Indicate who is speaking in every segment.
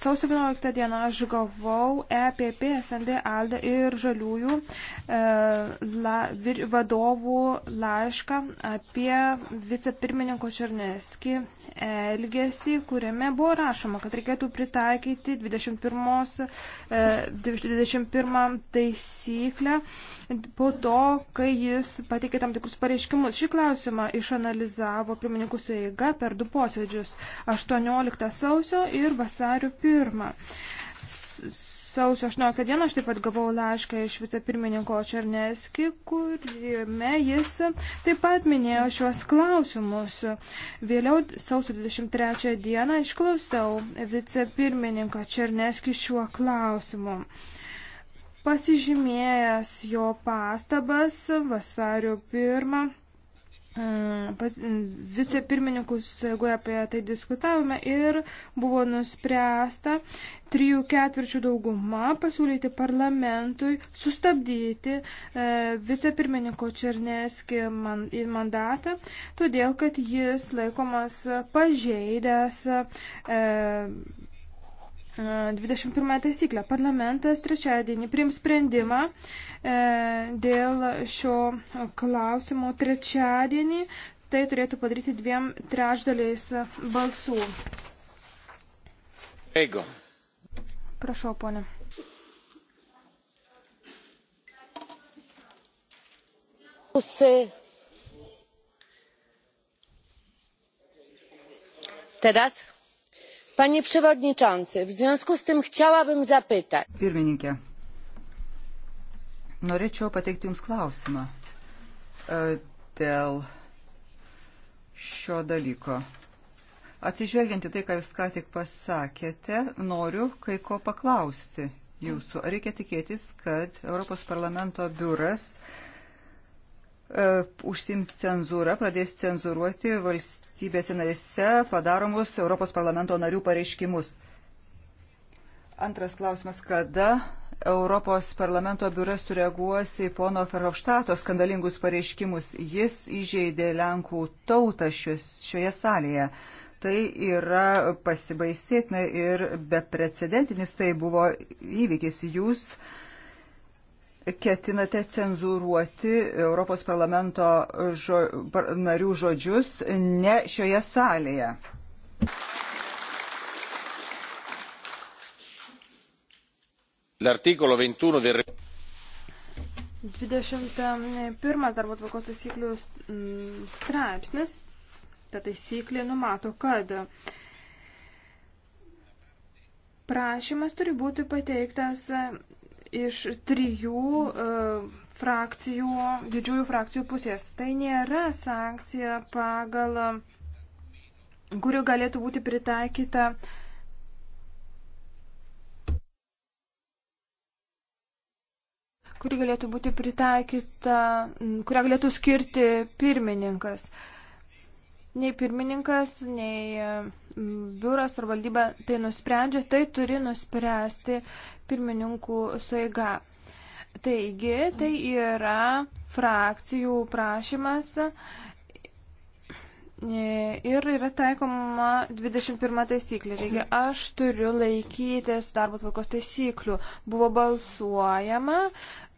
Speaker 1: Sausio 11 dieną aš gavau EPP, SND, ALDE ir Žaliųjų e, la, vir, vadovų laišką apie vicepirmininko Černeski elgesį, kuriame buvo rašoma, kad reikėtų pritaikyti 21, 21 e, taisyklę po to, kai jis pateikė tam tikrus pareiškimus. Šį klausimą išanalizavo pirmininkų sueiga per du posėdžius - 18 sausio ir vasario 1 sausio 18 dieną aš taip pat gavau laišką iš vicepirmininko Černeski, kuriame jis taip pat minėjo šios klausimus. Vėliau sausio 23 dieną išklausiau vicepirmininką Černeski šiuo klausimu. Pasižymėjęs jo pastabas vasario 1 vicepirmininkus, jeigu apie tai diskutavome, ir buvo nuspręsta trijų ketvirčių dauguma pasiūlyti parlamentui sustabdyti e, vicepirmininko Černeski man, mandatą, todėl kad jis laikomas pažeidęs e, 21 taisyklę. Parlamentas trečiadienį priims sprendimą e, dėl šio klausimo trečiadienį. Tai turėtų padaryti dviem trečdaliais balsų. Eigo. Prašau, ponė.
Speaker 2: Teraz panie przewodniczący w związku z tym chciałabym zapytać
Speaker 3: pirmininke norėčiau pateikti jums klausimą e, dėl šio dalyko atsižvelgiant į tai ką jūs ką tik pasakėte noriu kai ko paklausti jūsų ar reikia tikėtis kad europos parlamento biuras uh, E, užsims cenzūrą, pradės cenzuruoti valstybėse narise padaromus Europos parlamento narių pareiškimus. Antras klausimas, kada Europos parlamento biuras sureaguos į pono Ferhofštato skandalingus pareiškimus. Jis įžeidė Lenkų tautą šios, šioje salėje. Tai yra pasibaisėtina ir beprecedentinis tai buvo įvykis. Jūs uh, ketinate cenzūruoti Europos parlamento žo, par, narių žodžius ne šioje salėje.
Speaker 1: L'articolo 21 del 21 darbo tvarkos taisyklių straipsnis, ta taisyklė numato, kad prašymas turi būti pateiktas iš trijų e, frakcijų, didžiųjų frakcijų pusės. Tai nėra sankcija pagal, e, kuri galėtų būti pritaikyta kuri galėtų būti pritaikyta, kurią galėtų skirti pirmininkas. Uh, nei pirmininkas, nei e, biuras ar valdyba tai nusprendžia, tai turi nuspręsti pirmininkų suiga. Taigi, tai yra frakcijų prašymas e, ir yra taikoma 21 taisyklė. Taigi, aš turiu laikytis darbo tvarkos taisyklių. Buvo balsuojama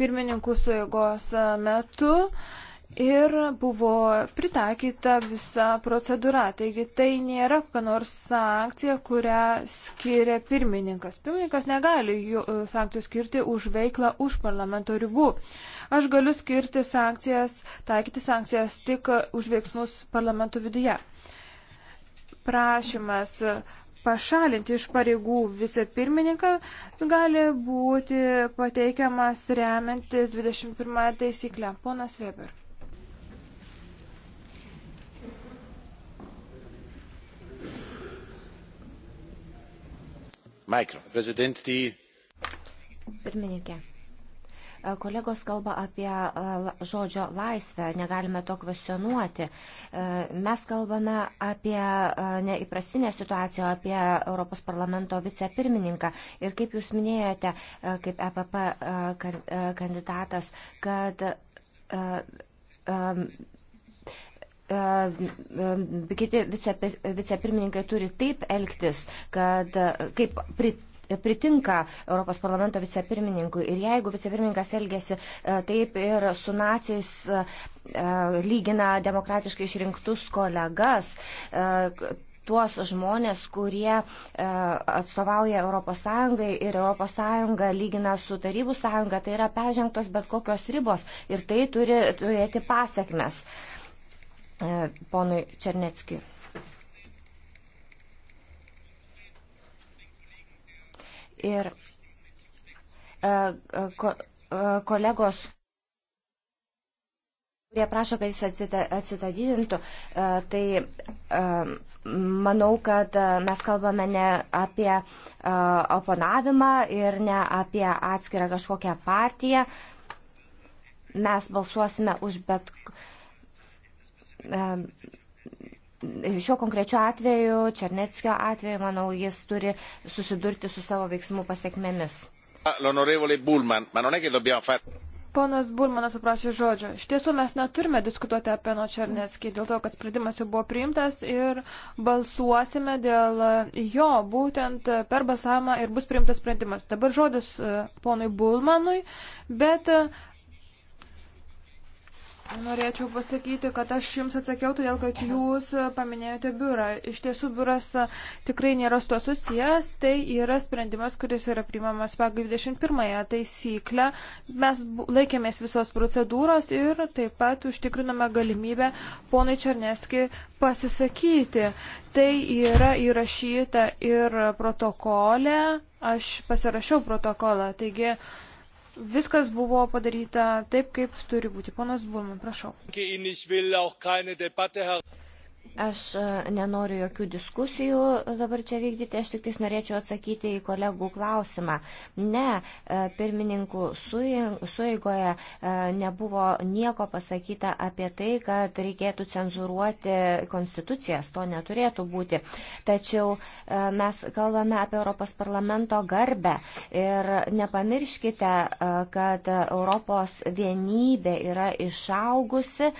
Speaker 1: pirmininkų suėgos metu ir buvo pritaikyta visa procedūra. Taigi tai nėra kokia nors sankcija, kurią skiria pirmininkas. Pirmininkas negali e, sankcijų skirti už veiklą už parlamento ribų. Aš galiu skirti sankcijas, taikyti sankcijas tik e, už veiksmus parlamento viduje. Prašymas e, pašalinti iš pareigų vicepirmininką gali būti pateikiamas remiantis 21 taisyklę. Ponas Weber.
Speaker 2: Pirmininkė. E, kolegos kalba apie e, žodžio laisvę, negalime to kvesionuoti. E, mes kalbame apie neįprastinę situaciją, apie Europos parlamento vicepirmininką. Ir kaip jūs minėjote, kaip EPP kandidatas, kad Ehm, kiti vicepirmininkai turi taip elgtis, kad e, kaip prit pritinka Europos parlamento vicepirmininkui. Ir jeigu vicepirmininkas elgesi e, taip ir su naciais e, lygina demokratiškai išrinktus kolegas, tuos žmonės, kurie atstovauja ES ir ES lygina su Tarybų sąjunga, tai yra peržengtos bet kokios ribos ir tai turi turėti pasiekmes. Uh, E, ponui Černeckiui. Ir e, e, ko, kolegos, kurie prašo, kad jis atsitadydintų, tai manau, kad mes kalbame ne apie oponavimą ir ne apie atskirą kažkokią partiją. Mes balsuosime už bet, šiuo konkrečiu atveju, Černetskio atveju, manau, jis
Speaker 1: turi susidurti su savo veiksmų pasiekmėmis. Bulman, far... Ponas Bulmanas aprašė žodžio. Iš tiesų mes neturime diskutuoti apie nuo Černetskį, dėl to, kad sprendimas jau buvo priimtas ir balsuosime dėl jo, būtent per balsavimą ir bus priimtas sprendimas. Dabar žodis e, ponui Bulmanui, bet e, Norėčiau pasakyti, kad aš jums atsakiau, todėl kad jūs paminėjote biurą. Iš tiesų, biuras tikrai nėra su to susijęs, tai yra sprendimas, kuris yra priimamas pagal 21 taisyklę. Mes laikėmės visos procedūros ir taip pat užtikrinome galimybę ponui Černeski pasisakyti. Tai yra įrašyta ir protokole. Aš pasirašiau protokolą. Taigi, uh, Viskas buvo padaryta taip, kaip turi būti. Ponas Bulman, prašau.
Speaker 2: Aš e, nenoriu jokių diskusijų dabar čia vykdyti, aš tik tais norėčiau atsakyti į kolegų klausimą. Ne, e, pirmininkų suėgoje e, nebuvo nieko pasakyta apie tai, kad reikėtų cenzuruoti konstitucijas, to neturėtų būti. Tačiau mes kalbame apie Europos parlamento garbę ir nepamirškite, kad Europos vienybė yra išaugusi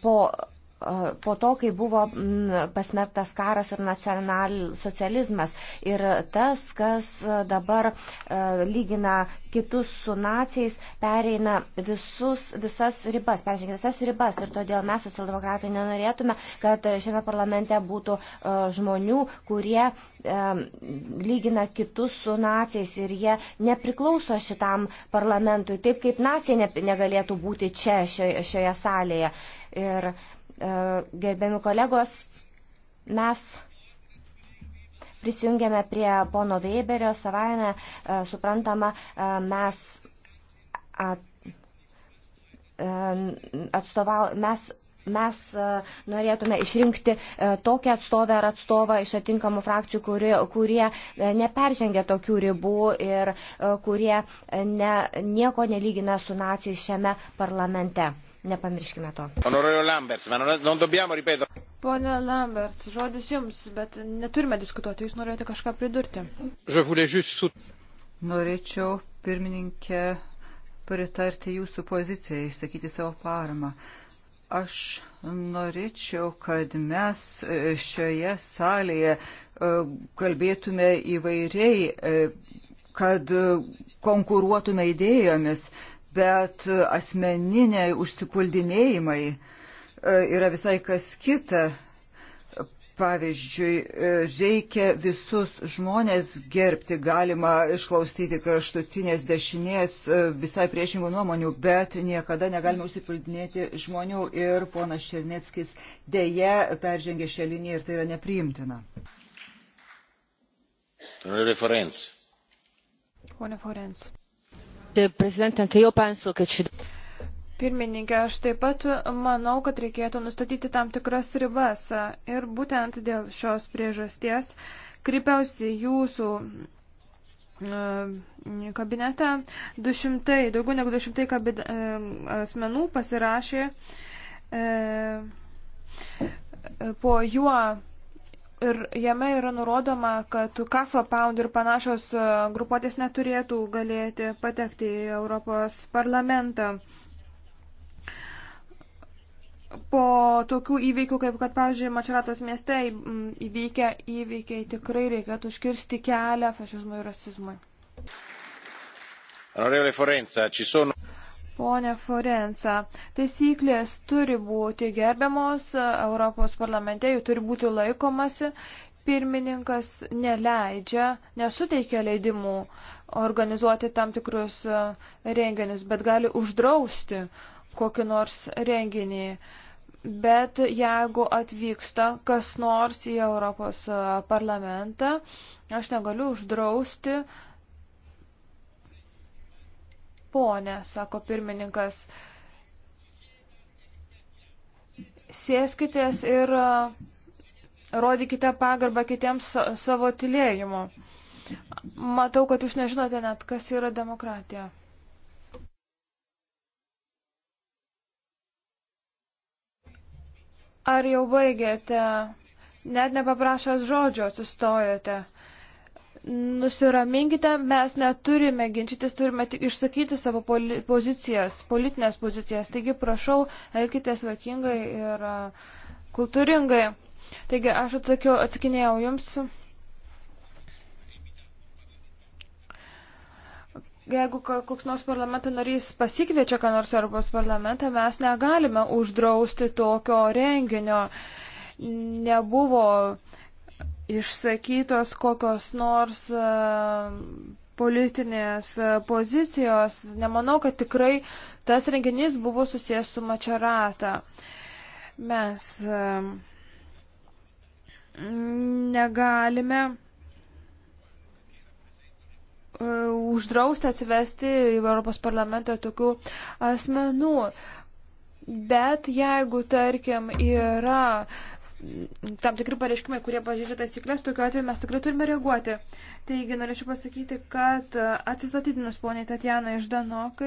Speaker 2: po po to, kai buvo mm, pasmerktas karas ir nacionalsocializmas. Ir tas, kas e, dabar e, lygina kitus su naciais, pereina visus, visas ribas, peržengia visas ribas. Ir todėl mes, socialdemokratai, nenorėtume, kad šiame parlamente būtų e, žmonių, kurie lygina kitus su naciais ir jie nepriklauso šitam parlamentui, taip kaip nacija negalėtų būti čia, šioje, šioje salėje. Ir E, gerbiami kolegos, mes prisijungėme prie pono Weberio, savaime e, suprantama, e, mes atstovau, mes mes e, norėtume išrinkti e, tokią atstovę ar atstovą iš atinkamų frakcijų, kurie, kurie neperžengia tokių ribų ir e, kurie ne, nieko nelygina su nacijais šiame parlamente. Nepamirškime to.
Speaker 1: Pone Lamberts, žodis jums, bet neturime
Speaker 3: diskutuoti, jūs norėjote kažką pridurti. Norėčiau, pirmininkė, pritarti jūsų pozicijai, išsakyti savo paramą. Uh, Aš norėčiau, kad mes e, šioje salėje e, kalbėtume įvairiai, e, kad konkuruotume idėjomis, bet asmeniniai užsipuldinėjimai yra visai kas kita. Pavyzdžiui, e, reikia visus žmonės gerbti, galima išklausyti kraštutinės dešinės e, visai priešingų nuomonių, bet niekada negalima užsipildinėti žmonių ir ponas Černeckis dėje peržengė šią liniją ir tai yra nepriimtina. Pone Forens.
Speaker 1: Prezidentė, kai jau pensu, kad ši pirmininkė, aš taip pat manau, kad reikėtų nustatyti tam tikras ribas. Ir būtent dėl šios priežasties kreipiausi jūsų e, kabinetą. 200, daugiau negu 200 kabin, e, asmenų pasirašė e, po juo ir jame yra nurodoma, kad Kafa Pound ir panašios grupuotės neturėtų galėti patekti į Europos parlamentą po tokių įvykių, kaip kad, pavyzdžiui, Mačeratos mieste įvykę įvykiai, tikrai reikėtų užkirsti kelią fašizmui ir rasizmui. Pone Forensa, taisyklės turi būti gerbiamos, Europos parlamente jų turi būti laikomasi, pirmininkas neleidžia, nesuteikia leidimų organizuoti tam tikrus e, renginius, bet gali uždrausti kokį nors renginį. Bet jeigu atvyksta kas nors į Europos e, parlamentą, aš negaliu uždrausti. Pone, sako pirmininkas, sėskitės ir e, rodykite pagarbą kitiems savo tylėjimu. Matau, kad jūs nežinote net, kas yra demokratija. Ar jau baigėte? Net nepaprašęs žodžio atsistojote. Nusiraminkite, mes neturime ginčytis, turime tik išsakyti savo poli pozicijas, politinės pozicijas. Taigi prašau, elkite tvarkingai ir kultūringai. Taigi aš atsakiau, atsakinėjau jums. jeigu koks nors parlamento narys pasikviečia, ką nors Europos parlamentą, mes negalime uždrausti tokio renginio. Nebuvo išsakytos kokios nors e, politinės e, pozicijos. Nemanau, kad tikrai tas renginys buvo susijęs su mačerata. Mes e, negalime uždrausti atsivesti į Europos parlamentą tokių asmenų. Bet jeigu, tarkim, yra tam tikri pareiškimai, kurie pažeidžia taisyklės, tokiu atveju mes tikrai turime reaguoti. Taigi, norėčiau pasakyti, kad atsistatydinus poniai Tatjana iš Danokai.